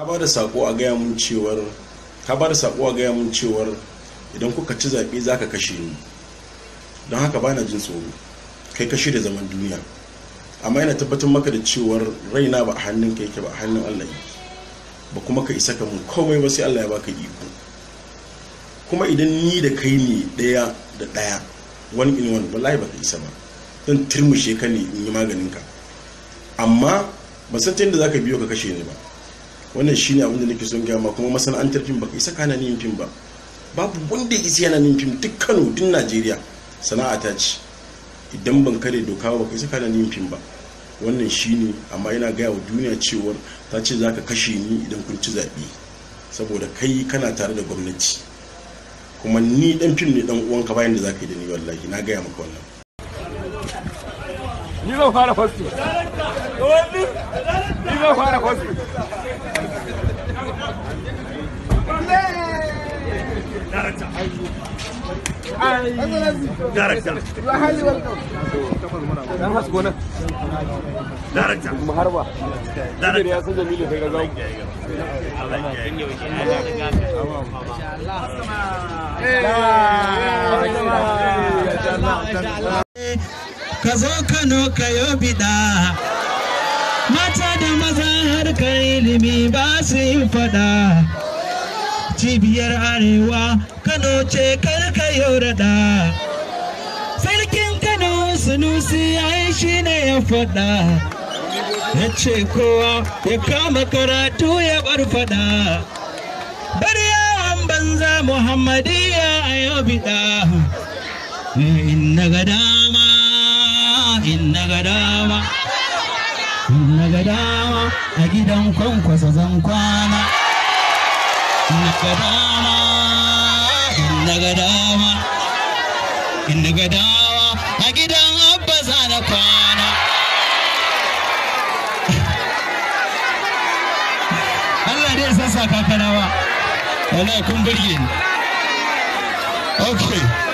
ka ba da sako a gaya mun cewar idan kuka ci zaɓe za ka kashe ni don haka bana jin tsoro kai kashe da zaman duniya amma yana tabbatar maka da cewar raina ba a hannun ka yake ba a hannun allah yake ba kuma ka isa ka mun komai ba sai allah ya baka iko kuma idan ni da kai ne ɗaya da ɗaya wani in wani wallahi ba ka isa ba zan turmushe ka ne in yi maganin ka amma ba san ta yadda za ka biyo ka kashe ni ba wannan shine abin da nake son gaya ma kuma masana'antar fim baka isa kana yin fim ba babu wanda ya isa yana yin fim duk Kano duk Najeriya sana'a ta ce idan ban kare doka ba baka isa kana yin fim ba wannan shine amma yana gaya wa duniya cewar ta ce zaka kashe ni idan kun ci zaɓe saboda kai kana tare da gwamnati kuma ni dan fim ne dan uwanka bayan da zaka yi da ni wallahi na gaya maka wannan ni zan fara Director. Ka zo Kano ka yo bida. Mata da maza har ka ilimi ba su yi fada. cibiyar arewa kano ce ka raɗa sarkin kano sunusi ai shi ne ya faɗa ya ce kowa ya kama karatu ya bar fada. Bar yawan banza muhammadiya a yau biɗa eh, inna ga dama inna ga dama inna ga dama a gidan kwankwasa zan kwana inda a gidan abba na kwana Allah dai sassa kakana ba wallahi kun burge ni okay